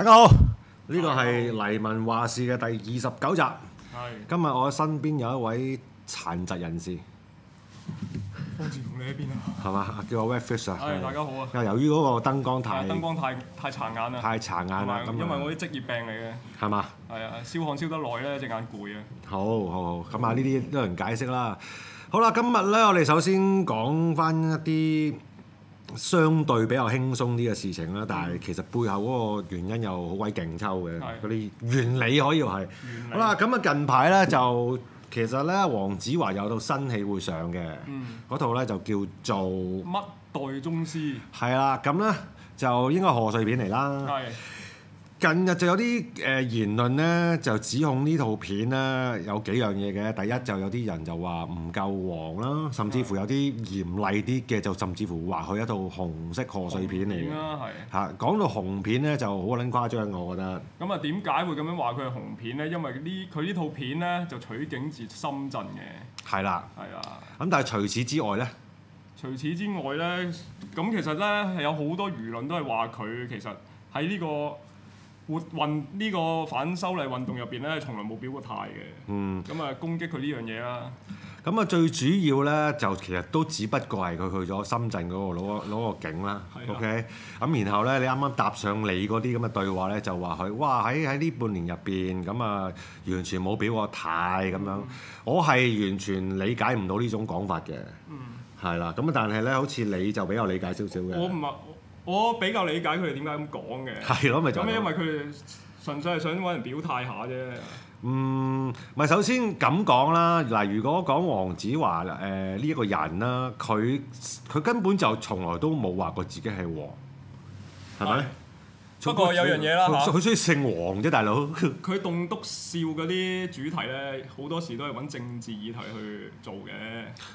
大家好，呢個係黎民話事嘅第二十九集。的今日我身邊有一位殘疾人士。叫我 Red Fish 啊。的大家好啊。由於嗰個燈光，光太，太殘太殘眼啦。太殘眼啦，因為我啲職業病嚟嘅。係嘛的？係啊，燒焊燒得耐咧，隻眼攰啊。好好好，咁啊呢啲都有人解釋啦。好啦，今日咧我哋首先講翻一啲。相對比較輕鬆啲嘅事情啦，但係其實背後嗰個原因又好鬼勁抽嘅，嗰啲的原理可以話係。理好啦，咁啊近排咧就其實咧黃子華有套新戲會上嘅，嗰、嗯、套咧就叫做《乜代宗師》。係啦，咁咧就應該賀歲片嚟啦。近日就有啲誒言論咧，就指控呢套片咧有幾樣嘢嘅。第一就有啲人就話唔夠黃啦，甚至乎有啲嚴厲啲嘅，就甚至乎話佢一套紅色賀歲片嚟。點啊？係講到紅片咧，就好撚誇張，我覺得。咁啊，點解會咁樣話佢係紅片咧？因為呢佢呢套片咧就取景自深圳嘅。係啦的。係啊的。咁但係除此之外咧？除此之外咧，咁其實咧係有好多輿論都係話佢其實喺呢個活運呢、呢個反修例運動入邊咧，從來冇表過態嘅。嗯。咁啊，攻擊佢呢樣嘢啦。咁啊，最主要咧，就其實都只不過係佢去咗深圳嗰個攞攞個景啦。O K 係啊。咁然後咧，你啱啱搭上你嗰啲咁嘅對話咧，就話佢哇喺喺呢半年入邊，咁、嗯、啊完全冇表過態咁樣。嗯、我係完全理解唔到呢種講法嘅、嗯。嗯。係啦，咁但係咧，好似你就比較理解少少嘅。我唔係。我比較理解佢哋點解咁講嘅，係咯，咪就係咁，因為佢哋純粹係想揾人表態下啫。嗯，咪首先咁講啦，嗱，如果講黃子華誒呢個人啦，佢佢根本就從來都冇話過自己係黃。係咪？不過有樣嘢啦，佢鍾意姓黃啫，大佬佢棟篤笑嗰啲主題咧，好多時都係揾政治議題去做嘅。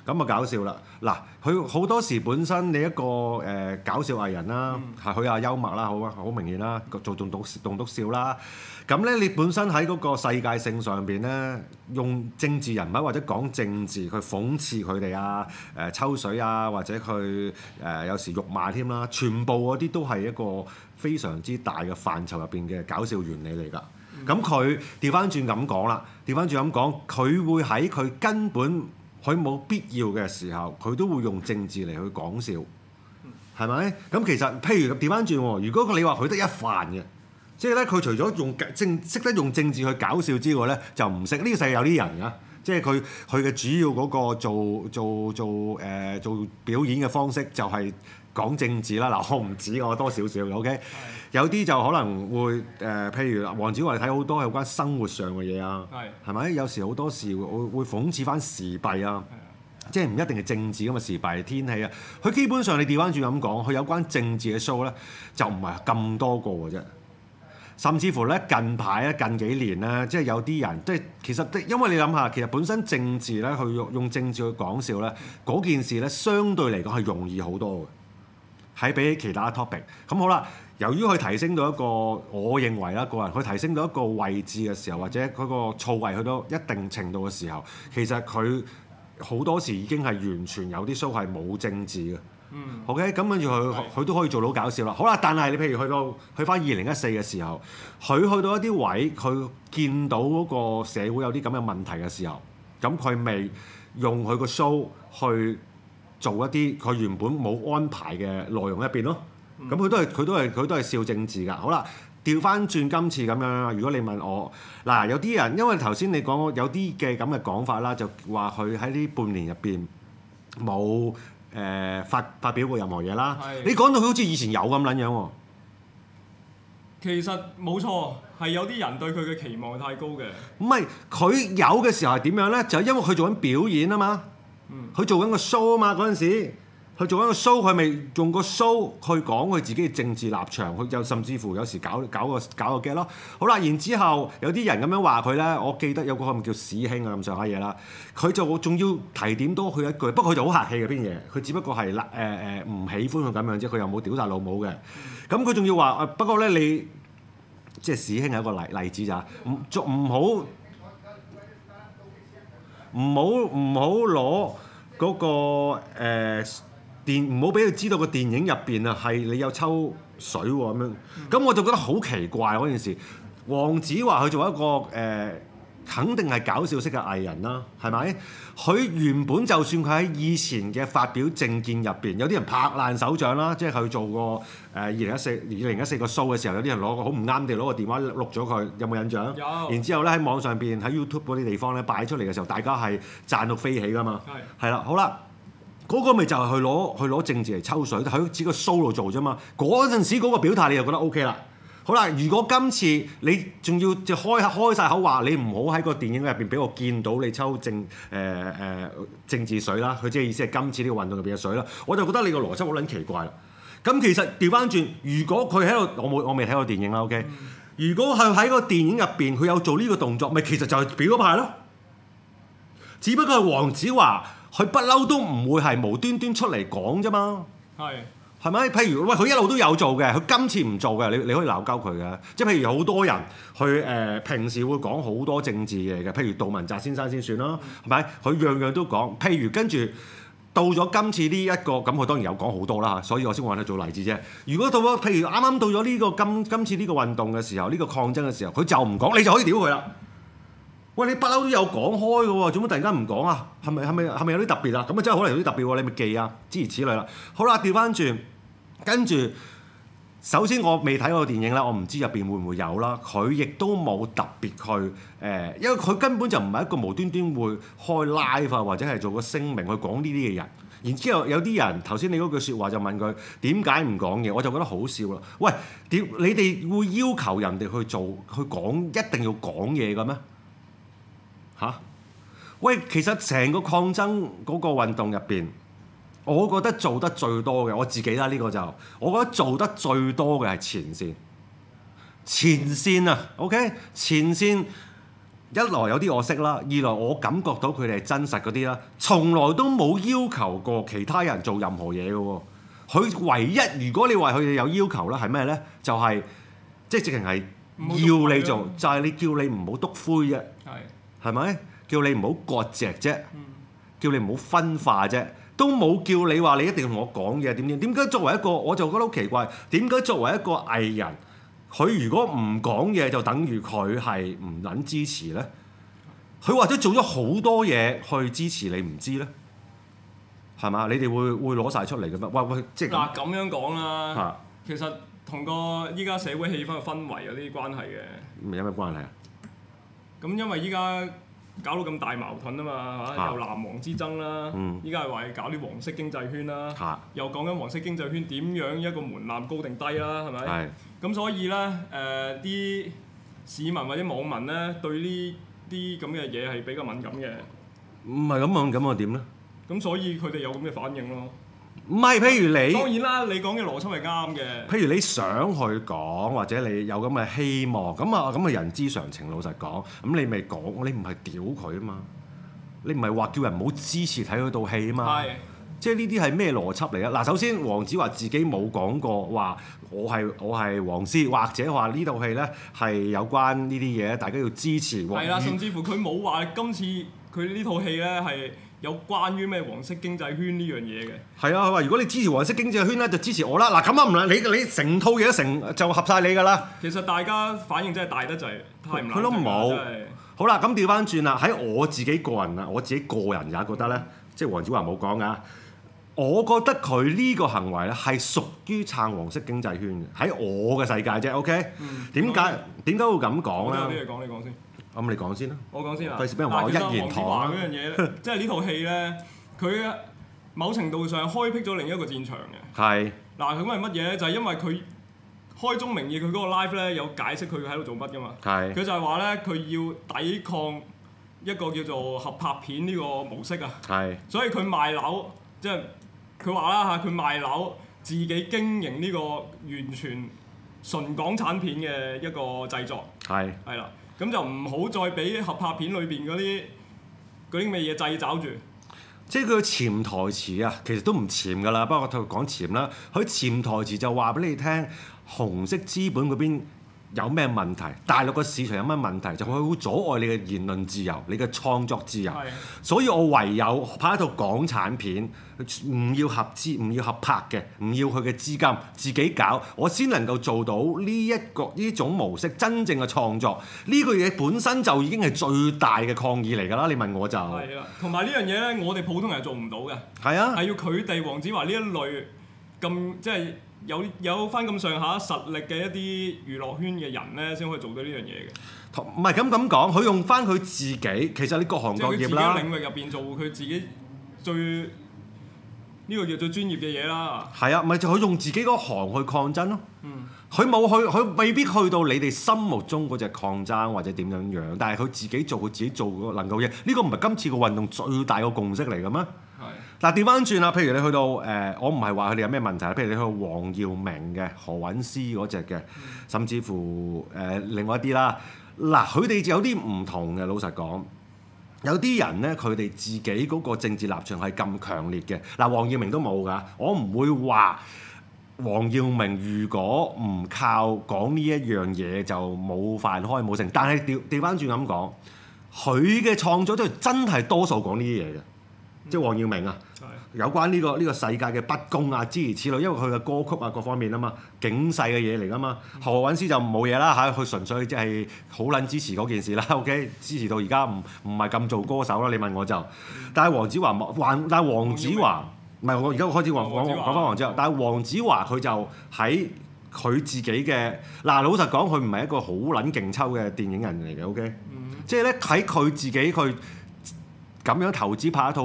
咁啊搞笑啦，嗱佢好多時本身你一個誒、呃、搞笑藝人啦，係佢啊幽默啦，好好明顯啦，做棟篤笑啦。咁咧，你本身喺嗰個世界性上邊咧，用政治人物或者講政治去諷刺佢哋啊，誒、呃、抽水啊，或者佢誒、呃、有時辱罵添啦，全部嗰啲都係一個。非常之大嘅範疇入邊嘅搞笑原理嚟㗎，咁佢調翻轉咁講啦，調翻轉咁講，佢會喺佢根本佢冇必要嘅時候，佢都會用政治嚟去講笑，係咪？咁其實譬如調翻轉，如果你話佢得一飯嘅，即係咧，佢除咗用政識得用政治去搞笑之外咧，就唔識呢個世界有啲人㗎、啊，即係佢佢嘅主要嗰個做做做誒做、呃、做表演嘅方式就係、係。講政治啦，嗱，我唔止我多少少嘅，OK 的。有啲就可能會誒、呃，譬如黃子華睇好多有關生活上嘅嘢啊，係咪的？有時好多時會會,會諷刺翻時弊啊，的即係唔一定係政治㗎嘛時弊、天氣啊。佢基本上你調翻轉咁講，佢有關政治嘅 show 咧就唔係咁多個嘅啫。甚至乎咧，近排咧、近幾年咧，即係有啲人即係其實，因為你諗下，其實本身政治咧，去用用政治去講笑咧，嗰件事咧，相對嚟講係容易好多嘅。喺比起其他 topic，咁好啦。由於佢提升到一個，我認為啦個人，佢提升到一個位置嘅時候，或者嗰個坐位去到一定程度嘅時候，其實佢好多時已經係完全有啲 show 係冇政治嘅。嗯、OK，嘅，咁跟住佢，佢都可以做到搞笑啦。好啦，但係你譬如去到去翻二零一四嘅時候，佢去到一啲位，佢見到嗰個社會有啲咁嘅問題嘅時候，咁佢未用佢個 show 去。做一啲佢原本冇安排嘅內容入邊咯，咁佢、嗯、都係佢都係佢都係笑政治㗎。好啦，調翻轉今次咁樣，如果你問我，嗱有啲人因為頭先你講有啲嘅咁嘅講法啦，就話佢喺呢半年入邊冇誒發發表過任何嘢啦。是的 你講到佢好似以前有咁撚樣喎、啊。其實冇錯，係有啲人對佢嘅期望太高嘅。唔係佢有嘅時候係點樣咧？就因為佢做緊表演啊嘛。佢做緊個 show 啊嘛，嗰陣時佢做緊個 show，佢咪用個 show 去講佢自己嘅政治立場，佢又甚至乎有時搞搞個搞個嘅咯。好啦，然之後有啲人咁樣話佢咧，我記得有個叫師兄啊咁上下嘢啦，佢就仲要提點多佢一句，不過佢就好客氣嘅，邊嘢？佢只不過係誒誒唔喜歡佢咁樣啫，佢又冇屌晒老母嘅。咁佢仲要話不過咧，你即係師兄係一個例例子咋，仲唔好。唔好，唔好攞嗰個誒、呃、電，唔好俾佢知道個電影入邊啊係你有抽水喎咁樣，咁我就覺得好奇怪嗰件事。黃子華佢做一個誒。呃肯定係搞笑式嘅藝人啦，係咪？佢原本就算佢喺以前嘅發表政見入邊，有啲人拍爛手掌啦，即係佢做過20 14，個誒二零一四二零一四個 show 嘅時候，有啲人攞個好唔啱地攞個電話錄咗佢，有冇印象？有。然之後咧喺網上邊喺 YouTube 嗰啲地方咧擺出嚟嘅時候，大家係讚到飛起㗎嘛。係是。係啦，好啦，嗰、那個咪就係去攞佢攞政治嚟抽水，喺自己個 show 度做啫嘛。嗰陣時嗰個表態你就覺得 O K 啦。好啦，如果今次你仲要就開開曬口話，你唔好喺個電影入邊俾我見到你抽政誒誒政治水啦，佢即係意思係今次呢個運動入邊嘅水啦，我就覺得你個邏輯好撚奇怪啦。咁其實調翻轉，如果佢喺度，我冇我未睇過電影啦，OK？如果佢喺個電影入邊佢有做呢個動作，咪其實就係表咗牌咯。只不過黃子華佢不嬲都唔會係無端端出嚟講啫嘛。係。係咪？譬如喂，佢一路都有做嘅，佢今次唔做嘅，你你可以鬧交佢嘅。即係譬如好多人佢誒、呃，平時會講好多政治嘢嘅。譬如杜汶澤先生先算啦，係咪？佢樣樣都講。譬如跟住到咗今次呢、這、一個，咁佢當然有講好多啦。所以我先搵佢做例子啫。如果到咗譬如啱啱到咗呢、這個今今次呢個運動嘅時候，呢、這個抗爭嘅時候，佢就唔講，你就可以屌佢啦。喂，你不嬲都有講開嘅喎，做乜突然間唔講啊？係咪係咪係咪有啲特別啊？咁啊真係可能有啲特別喎、啊，你咪記啊，諸如此類啦。好啦，調翻轉。跟住，首先我未睇過電影咧，我唔知入邊會唔會有啦。佢亦都冇特別去誒、呃，因為佢根本就唔係一個無端端會開 live 或者係做個聲明去講呢啲嘅人。然之後有啲人頭先你嗰句説話就問佢點解唔講嘢，我就覺得好笑啦。喂，點你哋會要求人哋去做去講，一定要講嘢嘅咩？嚇？喂，其實成個抗爭嗰個運動入邊。我覺得做得最多嘅我自己啦，呢個就我覺得做得最多嘅係前線前線啊。OK，前線一來有啲我識啦，二來我感覺到佢哋係真實嗰啲啦，從來都冇要求過其他人做任何嘢嘅喎。佢唯一如果你話佢哋有要求咧，係咩咧？就係即係直情係要你做，就係你叫你唔好篤灰啫，係係咪叫你唔好割席啫，叫你唔好分化啫。都冇叫你話你一定要同我講嘢點點點解？點解作為一個，我就覺得好奇怪。點解作為一個藝人，佢如果唔講嘢，就等於佢係唔撚支持呢？佢或者做咗好多嘢去支持你，唔知呢？係嘛？你哋會會攞晒出嚟嘅咩？喂喂，即係嗱咁樣講啦，其實同個依家社會氣氛嘅氛圍有啲關係嘅，係咪有咩關係啊？咁因為依家。搞到咁大矛盾啊嘛，嚇、啊，又、啊、藍黃之爭啦，依家係話搞啲黃色經濟圈啦，啊、又講緊黃色經濟圈點樣一個門檻高定低啦，係咪？咁所以咧，誒、呃、啲市民或者網民咧，對呢啲咁嘅嘢係比較敏感嘅。唔係咁敏感，又點咧？咁所以佢哋有咁嘅反應咯。唔係，譬如你當然啦，你講嘅邏輯係啱嘅。譬如你想去講，或者你有咁嘅希望，咁啊咁啊人之常情。老實講，咁你咪講，你唔係屌佢啊嘛，你唔係話叫人唔好支持睇佢套戲啊嘛。係，即係呢啲係咩邏輯嚟啊？嗱，首先黃子華自己冇講過話我係我係黃絲，或者話呢套戲咧係有關呢啲嘢大家要支持。係啦，甚至乎佢冇話今次佢呢套戲咧係。有關於咩黃色經濟圈呢樣嘢嘅？係啊，佢話如果你支持黃色經濟圈咧，就支持我啦。嗱咁啊唔理你，你成套嘢都成就合晒你噶啦。其實大家反應真係大得滯，佢、呃、都冇。是好啦，咁調翻轉啦，喺我自己個人啦，我自己個人也覺得咧，即係黃子華冇講㗎。我覺得佢呢個行為咧係屬於撐黃色經濟圈嘅，喺我嘅世界啫。OK，點解點解會咁講咧？咁你講先啦，我講先啦。費事俾人話我一言堂。但係黃子華嗰樣嘢 即係呢套戲咧，佢某程度上開闢咗另一個戰場嘅。嗱是，咁係乜嘢咧？就係因為佢開宗明義，佢嗰個 live 咧有解釋佢喺度做乜噶嘛。佢是就係話咧，佢要抵抗一個叫做合拍片呢個模式啊。是所以佢賣樓，即係佢話啦嚇，佢賣樓自己經營呢個完全純港產片嘅一個製作。係是。啦。咁就唔好再俾合拍片裏邊嗰啲嗰啲咩嘢掣肘住。即係佢潛台詞啊，其實都唔潛㗎啦，不過我同佢講潛啦。佢潛台詞就話俾你聽，紅色資本嗰邊。有咩問題？大陸嘅市場有咩問題，就可能會阻礙你嘅言論自由、你嘅創作自由。係，所以我唯有拍一套港產片，唔要合資、唔要合拍嘅，唔要佢嘅資金，自己搞，我先能夠做到呢一個呢種模式真正嘅創作。呢個嘢本身就已經係最大嘅抗議嚟㗎啦！你問我就係啊，同埋呢樣嘢咧，我哋普通人做唔到嘅。係啊是的，係要佢哋黃子華呢一類咁即係。有有翻咁上下實力嘅一啲娛樂圈嘅人咧，先可以做到呢樣嘢嘅。唔係咁咁講，佢用翻佢自己，其實呢國行國業啦。領域入邊做佢自己最呢、呢個叫做最專業嘅嘢啦。係啊，咪就佢、是、用自己嗰行業去抗爭咯。佢冇、嗯、去，佢未必去到你哋心目中嗰隻抗爭或者點樣樣，但係佢自己做，佢自己做個能夠嘢。呢、呢個唔係今次個運動最大個共識嚟嘅咩？嗱，調翻轉啦，譬如你去到誒、呃，我唔係話佢哋有咩問題，譬如你去到黃耀明嘅、何韻詩嗰隻嘅，甚至乎誒、呃、另外一啲啦，嗱，佢哋有啲唔同嘅，老實講，有啲人咧，佢哋自己嗰個政治立場係咁強烈嘅，嗱，黃耀明都冇㗎，我唔會話黃耀明如果唔靠講呢一樣嘢就冇飯開冇剩。但係調調翻轉咁講，佢嘅創作真都真係多數講呢啲嘢嘅。即係黃耀明啊，是的 有關呢個呢個世界嘅不公啊，諸如此類，因為佢嘅歌曲啊各方面啊嘛，警世嘅嘢嚟啊嘛。嗯、何韻詩就冇嘢啦嚇，佢純粹即係好撚支持嗰件事啦。OK，支持到而家唔唔係咁做歌手啦。你問我就，但係黃子華還但係黃子華，唔係我而家開始講講翻黃子華，但係黃子華佢就喺佢自己嘅嗱老實講，佢唔係一個好撚勁抽嘅電影人嚟嘅。OK，即係咧喺佢自己佢。咁樣投資拍一套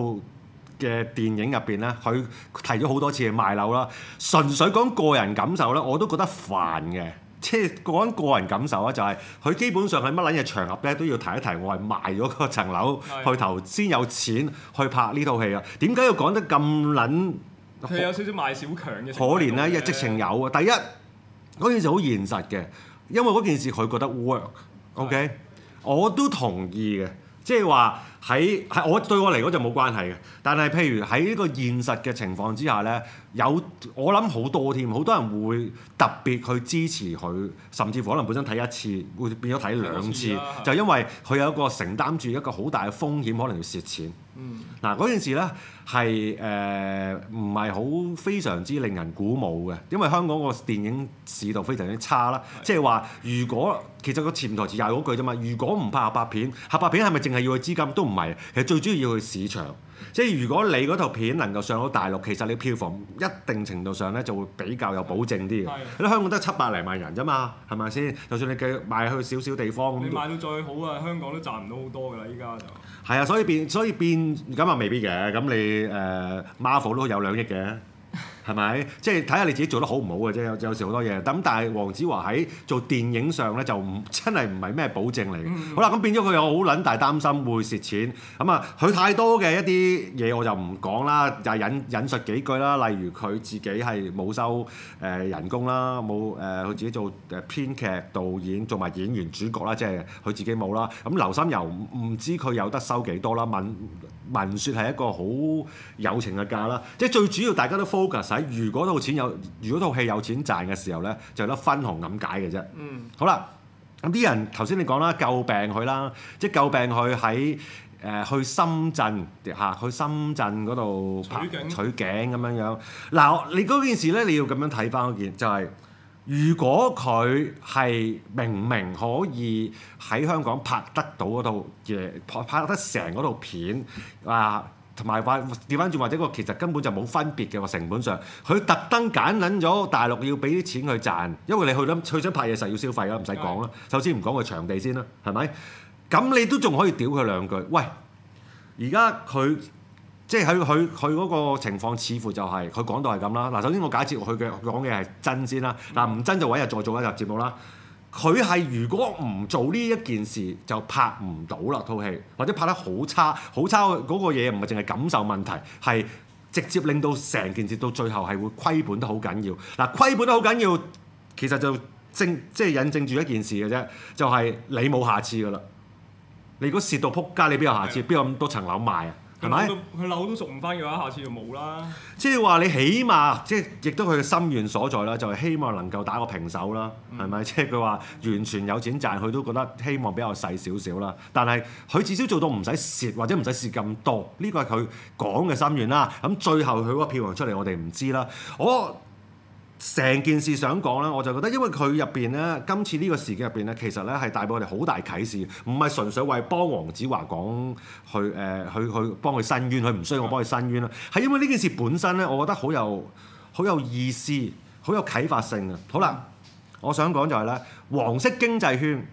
嘅電影入邊咧，佢提咗好多次賣樓啦。純粹講個人感受咧，我都覺得煩嘅。即係講個人感受啊，就係、是、佢基本上係乜撚嘢場合咧都要提一提我係賣咗個層樓是的 去投先有錢去拍呢套戲啊。點解要講得咁撚？佢有少少賣小強嘅，可憐咧，因為直情有啊。第一，嗰件事好現實嘅，因為嗰件事佢覺得 work。是的 OK，我都同意嘅。即係話喺係我對我嚟講就冇關係嘅，但係譬如喺呢個現實嘅情況之下咧，有我諗好多添，好多人會特別去支持佢，甚至乎可能本身睇一次會變咗睇兩次，次就因為佢有一個承擔住一個好大嘅風險，可能要蝕錢。嗱嗰、嗯、件事咧。係誒，唔係好非常之令人鼓舞嘅，因為香港個電影市道非常之差啦。即係話，如果其實個潛台詞又係嗰句啫嘛。如果唔拍合拍片，合拍片係咪淨係要去資金都唔係？其實最主要要去市場。即係是的 如果你嗰套片能夠上到大陸，其實你票房一定程度上咧就會比較有保證啲嘅。你香港得七百零萬人咋嘛？係咪先？就算你嘅賣去少少地方咁，你賣到最好啊，香港都賺唔到好多㗎啦！依家就。係啊，所以變所以變咁啊，未必嘅。咁你誒、uh, Marvel 都有兩億嘅。係咪？即係睇下你自己做得好唔好嘅啫。有有時好多嘢咁，但係黃子華喺做電影上咧就唔真係唔係咩保證嚟嘅。 好啦，咁變咗佢又好撚大擔心會蝕錢。咁啊，佢太多嘅一啲嘢我就唔講啦，就係、引引述幾句啦。例如佢自己係冇收誒、呃、人工啦，冇誒佢自己做編劇、導演、做埋演員主角啦，即係佢自己冇啦。咁劉心悠唔知佢有得收幾多啦，問。聞說係一個好友情嘅價啦，即係最主要大家都 focus 喺如果套錢有，如果套戲有錢賺嘅時候咧，就有得分紅咁解嘅啫。嗯、好啦，咁啲人頭先你講啦，詬病佢啦，即係詬病佢喺誒去深圳嚇，去深圳嗰度、啊、取景取景咁樣樣。嗱，你嗰件事咧，你要咁樣睇翻嗰件就係、是。如果佢係明明可以喺香港拍得到嗰套嘢，拍拍得成嗰套片啊，同埋話調翻轉或者、嗰個其實根本就冇分別嘅話成本上，佢特登揀撚咗大陸要俾啲錢去賺，因為你去咗去想拍嘢實要消費啦，唔使講啦，首先唔講個場地先啦，係咪？咁你都仲可以屌佢兩句，喂！而家佢。即係喺佢佢嗰個情況，似乎就係、是、佢講到係咁啦。嗱，首先我假設佢嘅講嘅係真先啦。嗱，唔真就搵日再做一集節目啦。佢係如果唔做呢一件事，就拍唔到啦套戲，或者拍得好差，好差嗰個嘢唔係淨係感受問題，係直接令到成件事到最後係會虧本得好緊要。嗱、啊，虧本得好緊要，其實就正，即、就、係、是、引證住一件事嘅啫，就係、是、你冇下次噶啦。你如果蝕到撲街，你邊有下次？邊的有咁多層樓賣啊？係咪？佢樓都贖唔返嘅話，下次就冇啦。即係話你起碼，即係亦都佢嘅心願所在啦，就係、是、希望能夠打個平手啦，係咪？即係佢話完全有錢賺，佢都覺得希望比較細少少啦。但係佢至少做到唔使蝕，或者唔使蝕咁多，呢個係佢講嘅心願啦。咁最後佢個票房出嚟，我哋唔知啦。我。成件事想講咧，我就覺得，因為佢入邊咧，今次呢個事件入邊咧，其實咧係帶俾我哋好大啟示，唔係純粹為幫黃子華講去誒、呃、去去幫佢申冤，佢唔需要我幫佢申冤啦，係因為呢件事本身咧，我覺得好有好有意思，好有啟發性嘅。好啦，我想講就係、是、咧，黃色經濟圈，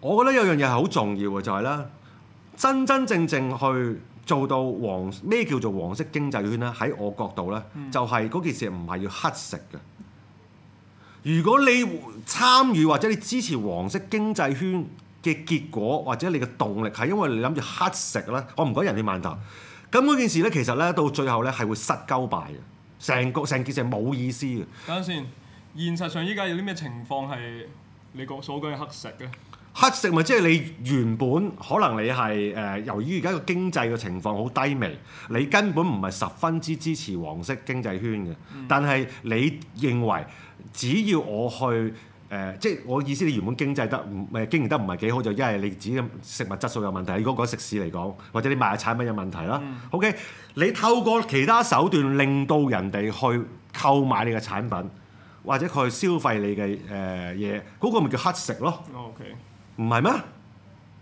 我覺得有樣嘢係好重要嘅，就係、是、咧，真真正正去做到黃，咩叫做黃色經濟圈咧？喺我角度咧，嗯、就係嗰件事唔係要乞食嘅。如果你參與或者你支持黃色經濟圈嘅結果，或者你嘅動力係因為你諗住乞食咧，我唔講人哋饅頭。咁嗰件事咧，其實咧到最後咧係會失交拜嘅，成個成件事係冇意思嘅。等陣先，現實上依家有啲咩情況係你講所講係乞食咧？黑食咪即係你原本可能你係誒、呃，由於而家個經濟嘅情況好低迷，你根本唔係十分之支持黃色經濟圈嘅。嗯、但係你認為只要我去誒、呃，即係我意思，你原本經濟得唔誒、呃、經營得唔係幾好，就一係你自己食物質素有問題。你嗰個食肆嚟講，或者你賣嘅產品有問題啦。嗯、OK，你透過其他手段令到人哋去購買你嘅產品，或者佢去消費你嘅誒嘢，嗰個咪叫黑食咯。O K、哦。Okay. 唔係咩？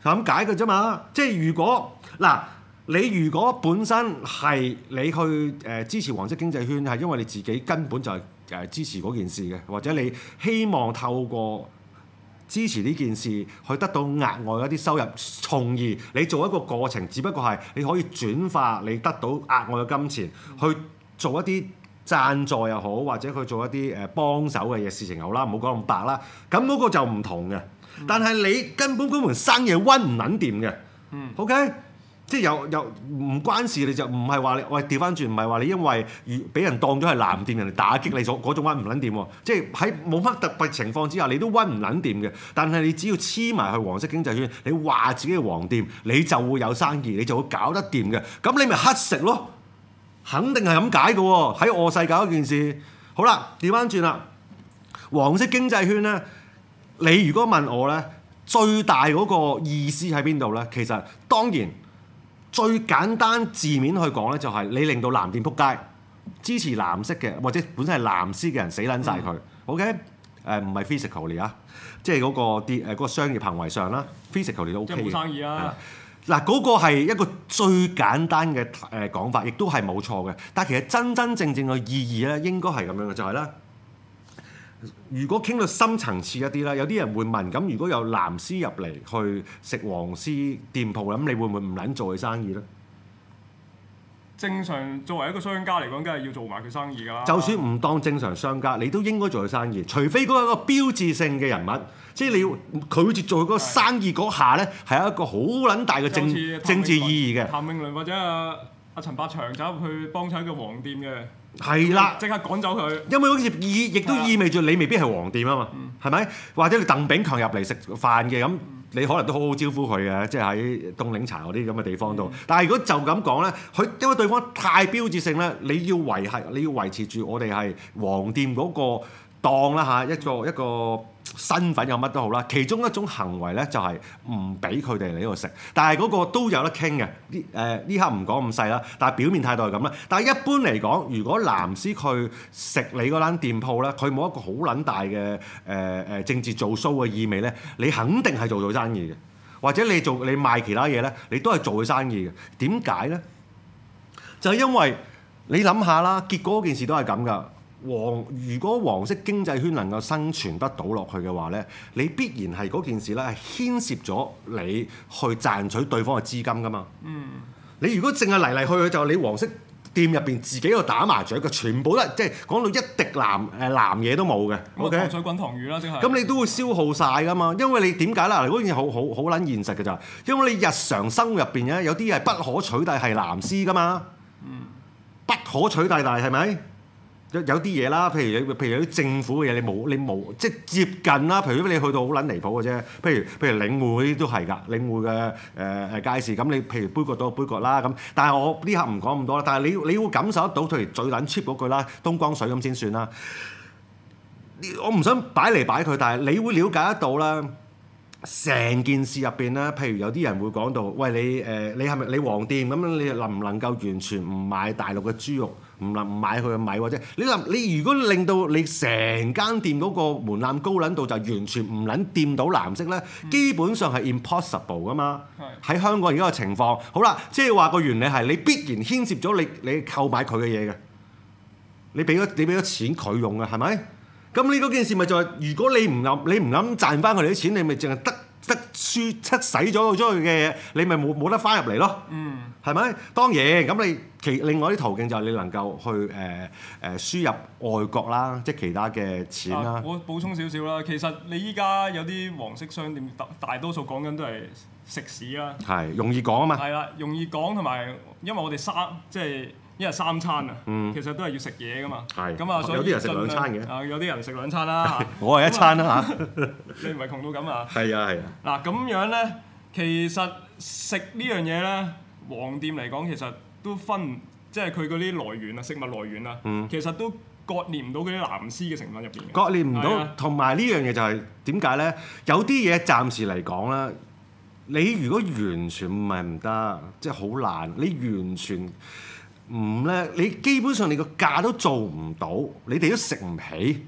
就咁解嘅啫嘛。即係如果嗱，你如果本身係你去誒支持黃色經濟圈，係因為你自己根本就係誒支持嗰件事嘅，或者你希望透過支持呢件事去得到額外一啲收入，從而你做一個過程，只不過係你可以轉化你得到額外嘅金錢去做一啲贊助又好，或者去做一啲誒幫手嘅嘢事情又好啦，唔好講咁白啦。咁嗰個就唔同嘅。但係你根本嗰門生意温唔撚掂嘅，OK，即係有有唔關事，你就唔係話你喂調翻轉唔係話你因為俾人當咗係藍店，人哋打擊你所嗰種温唔撚掂喎，即係喺冇乜特別情況之下，你都温唔撚掂嘅。但係你只要黐埋去黃色經濟圈，你話自己係黃店，你就會有生意，你就會搞得掂嘅。咁你咪乞食咯，肯定係咁解嘅喎。喺我世搞一件事，好啦，調翻轉啦，黃色經濟圈咧。你如果問我咧，最大嗰個意思喺邊度咧？其實當然最簡單字面去講咧，就係你令到藍店仆街，支持藍色嘅或者本身係藍絲嘅人死撚晒佢。嗯、OK，誒唔係 physically 啊，即係嗰個啲誒、嗰個商業行為上啦，physically 都 OK。即係冇生意啦、啊。嗱，嗰個係一個最簡單嘅誒講法，亦都係冇錯嘅。但其實真真正正嘅意義咧，應該係咁樣嘅，就係、是、咧。如果傾到深層次一啲啦，有啲人會問：咁如果有藍絲入嚟去食黃絲店鋪啦，咁你會唔會唔撚做佢生意呢？正常作為一個商家嚟講，梗係要做埋佢生意㗎啦。就算唔當正常商家，你都應該做佢生意，除非嗰一個標誌性嘅人物，嗯、即係你拒絕做嗰生意嗰下咧，係的一個好撚大嘅政政治意義嘅。譚詠麟或者阿、啊、阿、啊啊、陳百祥走入去幫襯一個黃店嘅。係啦，即刻趕走佢。因為好似意亦都意味著你未必係黃店啊嘛，係咪、嗯？或者你鄧炳強入嚟食飯嘅咁，你可能都好好招呼佢嘅，即係喺凍檸茶嗰啲咁嘅地方度。嗯、但係如果就咁講咧，佢因為對方太標誌性咧，你要維係，你要維持住我哋係黃店嗰個檔啦嚇，一個一個。一個身份有乜都好啦，其中一種行為咧就係唔俾佢哋嚟呢度食，但係嗰個都有得傾嘅。呢誒呢刻唔講咁細啦，但係表面態度係咁啦。但係一般嚟講，如果藍絲佢食你嗰間店鋪咧，佢冇一個好撚大嘅誒誒政治做 show 嘅意味咧，你肯定係做做生意嘅，或者你做你賣其他嘢咧，你都係做嘅生意嘅。點解咧？就係、係、因為你諗下啦，結果嗰件事都係咁㗎。黃如果黃色經濟圈能夠生存得到落去嘅話咧，你必然係嗰件事咧係牽涉咗你去賺取對方嘅資金噶嘛。嗯。你如果淨係嚟嚟去去就你黃色店入邊自己度打麻雀嘅，全部都係即係講到一滴藍誒藍嘢都冇嘅。O K。塘水滾塘魚啦，即係。咁你都會消耗晒噶嘛？因為你點解啦？嗱，嗰件嘢好好好撚現實嘅就係，因為你日常生活入邊咧，有啲係不可取代係藍絲噶嘛。嗯。不可取代，但係係咪？有啲嘢啦，譬如譬如啲政府嘅嘢，你冇你冇即係接近啦。譬如你去到好撚離譜嘅啫，譬如譬如領匯都係㗎，領匯嘅誒誒街市咁，你、呃、譬如杯葛到杯葛啦咁。但係我呢刻唔講咁多啦。但係你你會感受得到，譬如最撚 cheap 嗰句啦，東江水咁先算啦。我唔想擺嚟擺去，但係你會瞭解得到啦。成件事入邊咧，譬如有啲人會講到，喂，你誒、呃，你係咪你黃店咁？你能唔能夠完全唔買大陸嘅豬肉，唔能唔買佢嘅米或者？你能你如果令到你成間店嗰個門檻高撚到，就完全唔撚掂到藍色咧，嗯、基本上係 impossible 噶嘛。喺香港而家個情況，好啦，即係話個原理係你必然牽涉咗你你購買佢嘅嘢嘅，你俾咗你俾咗錢佢用嘅係咪？咁你嗰件事咪就係、是、如果你唔諗你唔諗賺翻佢哋啲錢，你咪淨係得得輸得出使咗佢，咗佢嘅嘢，你咪冇冇得翻入嚟咯？嗯，係咪？當然，咁你其另外啲途徑就係你能夠去誒誒、呃呃、輸入外國啦，即係其他嘅錢啦、啊。我補充少少啦，其實你依家有啲黃色商店大多數講緊都係食肆啦，係容易講啊嘛。係啦，容易講同埋，容易因為我哋三即係。一日三餐啊，其實都係要食嘢噶嘛。咁啊，有啲人食兩餐嘅。有啲人食兩餐啦。我係一餐啦。你唔係窮到咁啊？係啊係啊。嗱咁樣咧，其實食呢樣嘢咧，黃店嚟講其實都分，即係佢嗰啲來源啊，食物來源啊，嗯、其實都割裂唔到嗰啲藍絲嘅成分入邊。割裂唔到，同埋的、就是、呢樣嘢就係點解咧？有啲嘢暫時嚟講咧，你如果完全唔係唔得，即係好難。你完全。唔叻，你基本上你個價都做唔到，你哋都食唔起，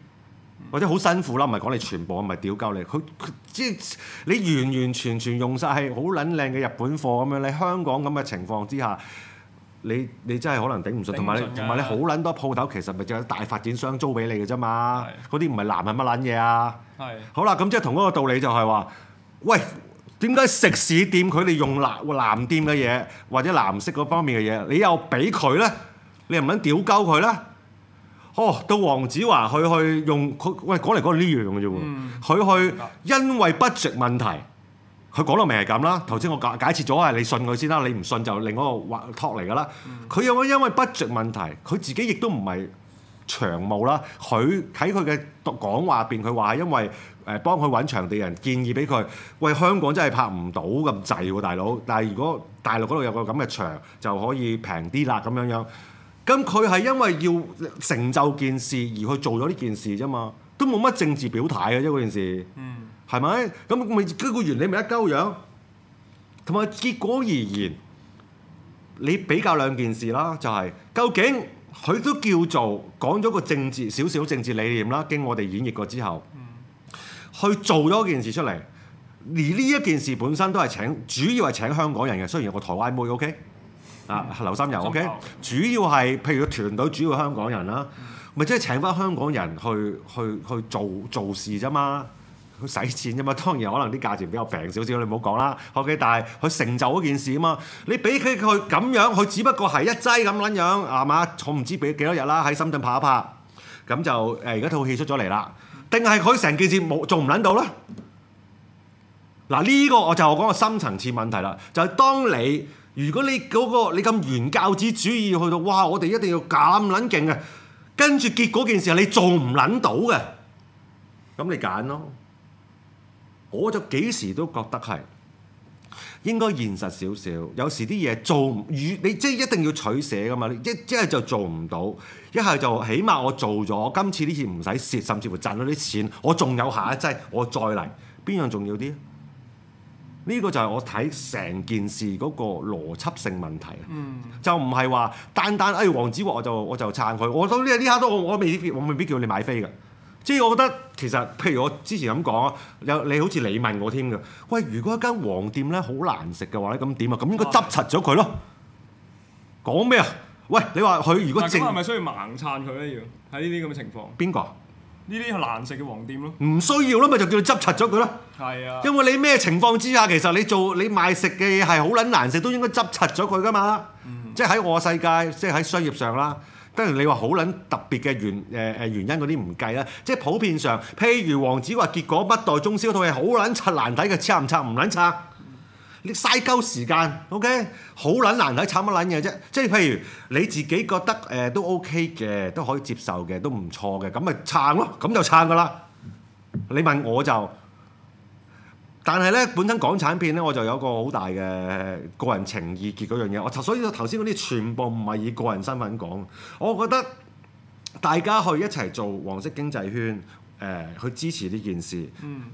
或者好辛苦啦。唔係講你全部，我唔係屌鳩你，佢即你完完全全用晒係好撚靚嘅日本貨咁樣。你香港咁嘅情況之下，你你真係可能頂唔順。同埋你同埋你好撚多鋪頭，其實咪就係大發展商租俾你嘅啫嘛。嗰啲唔係藍係乜撚嘢啊？是的 好啦，咁即係同嗰個道理就係話，喂。點解食肆店佢哋用藍藍店嘅嘢或者藍色嗰方面嘅嘢，你又俾佢咧？你又唔肯屌鳩佢咧？哦，到黃子華佢去用佢喂講嚟講去呢樣嘅啫喎，佢、嗯、去因為 budget 問題，佢講到明係咁啦。頭先我解解釋咗係你信佢先啦，你唔信，信就另一個話託嚟噶啦。佢又、嗯、因為 budget 問題，佢自己亦都唔係長毛啦。佢喺佢嘅講話入邊，佢話係因為。誒幫佢揾場地人，人建議俾佢。喂，香港真係拍唔到咁滯喎，大佬！但係如果大陸嗰度有個咁嘅場，就可以平啲啦，咁樣樣。咁佢係因為要成就件事而去做咗呢件事啫嘛，都冇乜政治表態嘅啫嗰件事。嗯，係咪？咁咪嗰個原理咪一鳩樣？同埋結果而言，你比較兩件事啦，就係，究竟佢都叫做講咗個政治少少政治理念啦，經我哋演繹過之後。去做咗件事出嚟，而呢一件事本身都係請，主要係請香港人嘅。雖然有個台灣妹，OK，啊、嗯，劉心柔 o k 主要係譬如個團隊主要香港人啦，咪即係請翻香港人去，嗯、去去，去做做事啫嘛，去使錢啫嘛。當然可能啲價錢比較平少少，你唔好講啦，OK。但係佢成就嗰件事啊嘛，你俾佢佢咁樣，佢只不過係一劑咁撚樣係嘛？我唔知俾幾多日啦，啊，喺深圳拍一拍，咁就誒而家套戲出咗嚟啦。定係佢成件事冇，做唔撚到咧？嗱，呢個就我就我講個深層次問題啦，就係、是、當你如果你嗰、那個你咁原教旨主義去到，哇！我哋一定要咁撚勁嘅，跟住結果件事係你做唔撚到嘅，咁你揀咯。我就幾時都覺得係。應該現實少少，有時啲嘢做與你即係一定要取捨㗎嘛，一一係就做唔到，一係就起碼我做咗，今次呢次唔使蝕，甚至乎賺到啲錢，我仲有下一劑，我再嚟，邊樣重要啲？呢個就係我睇成件事嗰個邏輯性問題，嗯、就唔係話單單哎，黃子華我就我就撐佢，我都呢呢刻都我未必我，我未必叫你買飛㗎。即係我覺得其實，譬如我之前咁講，有你好似你問我添嘅，喂，如果一間黃店咧好難食嘅話咧，咁點啊？咁應該執柒咗佢咯。講咩啊？喂，你話佢如果正係咪需要盲撐佢一樣喺呢啲咁嘅情況。邊個、啊？呢啲係難食嘅黃店咯。唔需要咯，咪就叫佢執柒咗佢咯。係啊。因為你咩情況之下，其實你做你賣食嘅嘢係好撚難食，都應該執柒咗佢噶嘛。嗯、哼。即係喺我世界，即係喺商業上啦。當然你話好撚特別嘅原誒誒原因嗰啲唔計啦，即係普遍上，譬如黃子華結果乜代宗師嗰套戲，好撚拆難睇嘅，撐唔撐，唔撚撐，你嘥鳩時間，OK，好撚難睇，撐乜撚嘢啫？即係譬如你自己覺得誒、呃、都 OK 嘅，都可以接受嘅，都唔錯嘅，咁咪撐咯，咁就撐噶啦。你問我就。但係咧，本身港產片咧，我就有個好大嘅個人情意結嗰樣嘢。我頭所以頭先嗰啲全部唔係以個人身份講。我覺得大家去一齊做黃色經濟圈，誒、呃、去支持呢件事，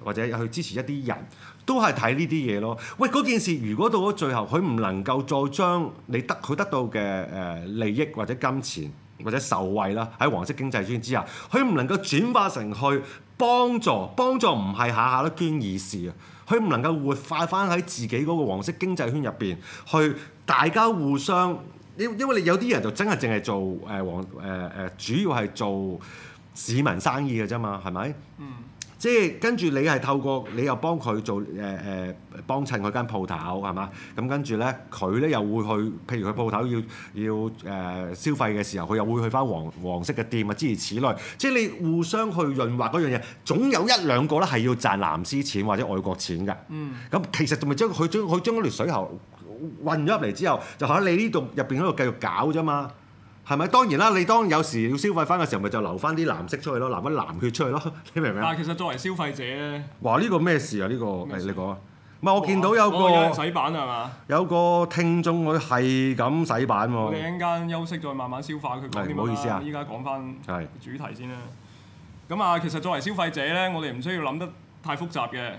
或者去支持一啲人都係睇呢啲嘢咯。喂，嗰件事如果到咗最後，佢唔能夠再將你得佢得到嘅誒利益或者金錢或者受惠啦，喺黃色經濟圈之下，佢唔能夠轉化成去幫助幫助，唔係下下都捐義士啊！佢唔能夠活化返喺自己嗰個黃色經濟圈入邊，去大家互相，因因為你有啲人就真係淨係做誒、黃、誒誒，主要係做市民生意㗎啫嘛，係咪？嗯即係跟住你係透過你又幫佢做誒誒幫襯佢間鋪頭係嘛？咁跟住咧佢咧又會去，譬如佢鋪頭要要誒、呃、消費嘅時候，佢又會去翻黃黃色嘅店啊，諸如此類。即係你互相去潤滑嗰樣嘢，總有一兩個咧係要賺藍絲錢或者外國錢㗎。咁、嗯、其實仲未將佢將佢將嗰條水喉混咗入嚟之後，就喺你呢度入邊嗰度繼續搞啫嘛。係咪？當然啦！你當有時要消費翻嘅時候，咪就留翻啲藍色出去咯，留翻藍血出去咯，你明唔明啊？但係其實作為消費者咧，嘩呢個咩事啊？呢個你講啊！唔係我見到有個洗版係嘛？有個聽眾佢係咁洗版喎。我哋一陣間休息再慢慢消化佢講啲乜。唔好意思啊，依家講翻主題先啦。咁啊，其實作為消費者咧，我哋唔需要諗得太複雜嘅，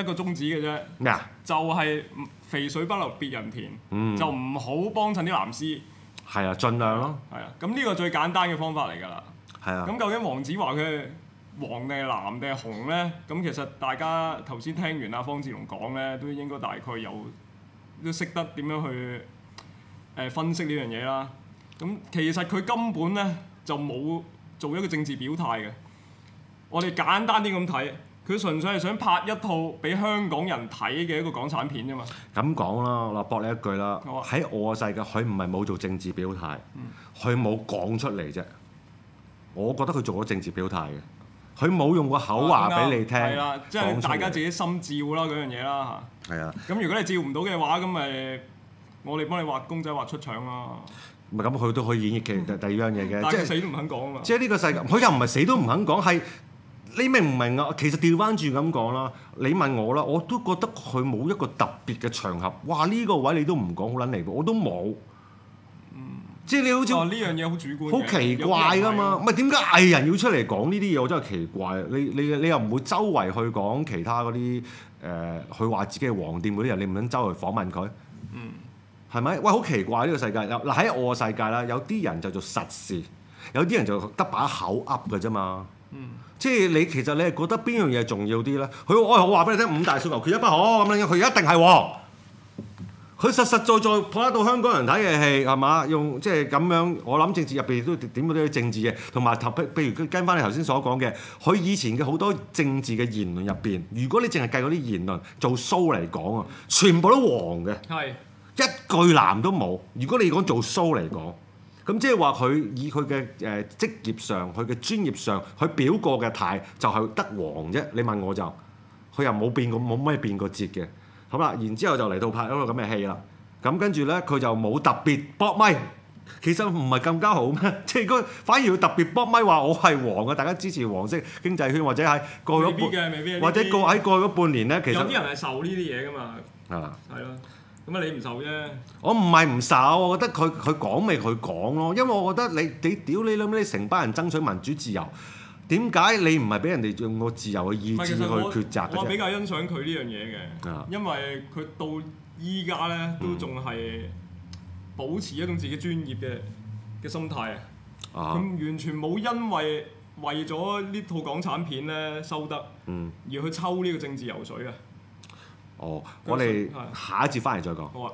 一個宗旨嘅啫。咩啊？就係肥水不流別人田，就唔好幫襯啲藍絲。係啊，盡量咯。係啊，咁呢個最簡單嘅方法嚟㗎啦。咁係啊，究竟黃子華佢黃定係藍定係紅咧？咁其實大家頭先聽完阿方智龍講咧，都應該大概有都識得點樣去誒分析呢樣嘢啦。咁其實佢根本咧就冇做一個政治表態嘅。我哋簡單啲咁睇。佢純粹係想拍一套俾香港人睇嘅一個港產片啫嘛。咁講啦，我話駁你一句啦。喺好、啊、我個世界，佢唔係冇做政治表態，佢冇講出嚟啫。我覺得佢做咗政治表態嘅，佢冇用個口話俾、啊啊、你聽。啊啊、即係大家自己心照啦，嗰樣嘢啦嚇。係啊。咁、啊、如果你照唔到嘅話，咁咪我哋幫你畫公仔畫出腸啦。咪咁佢都可以演繹其第第二樣嘢嘅，即係、嗯、死都唔肯講啊嘛。即係呢個世界，佢又唔係死都唔肯講係。你明唔明啊？其實調翻轉咁講啦，你問我啦，我都覺得佢冇一個特別嘅場合。哇！呢個位你都唔講好撚離譜，我都冇。嗯。即係你好似話呢樣嘢好主觀，好奇怪㗎嘛？唔係點解藝人要出嚟講呢啲嘢？我真係奇怪。你你你又唔會周圍去講其他嗰啲誒，去話自己係黃店嗰啲人，你唔撚周圍訪問佢？嗯。係咪？喂，好奇怪呢個世界。嗱喺我世界啦，有啲人就做實事，有啲人就得把口噏㗎啫嘛。嗯，即係你其實你係覺得邊樣嘢重要啲咧？佢我我話俾你聽，五大訴求缺一不可咁樣，佢一定係黃。佢實實在在破得到香港人睇嘅戲係嘛？用，即係咁樣，我諗政治入邊都點都有啲政治嘅，同埋譬譬如跟翻你頭先所講嘅，佢以前嘅好多政治嘅言論入邊，如果你淨係計嗰啲言論做 show 嚟講啊，全部都黃嘅，是的 一句藍都冇。如果你講做 show 嚟講。咁即係話佢以佢嘅誒職業上，佢嘅專業上，佢表過嘅態就係得黃啫。你問我就，佢又冇變過，冇咩嘢變過節嘅。好啦，然之後就嚟到拍一個咁嘅戲啦。咁跟住咧，佢就冇特別搏咪，其實唔係更加好咩？即係個反而佢特別搏咪話我係黃嘅，大家支持黃色經濟圈，或者喺過去嗰半，或者過喺過去嗰半年咧，其實有啲人係受呢啲嘢噶嘛。啊，係咯。咁你唔受啫！我唔係唔受，我覺得佢佢講咪佢講咯，因為我覺得你你屌你諗你成班人爭取民主自由，點解你唔係俾人哋用個自由嘅意志去抉擇？我，我比較欣賞佢呢樣嘢嘅，因為佢到依家咧都仲係保持一種自己專業嘅嘅心態啊！咁、嗯、完全冇因為為咗呢套港產片咧收得、嗯、而去抽呢個政治游水啊！哦，我哋下一節翻嚟再講。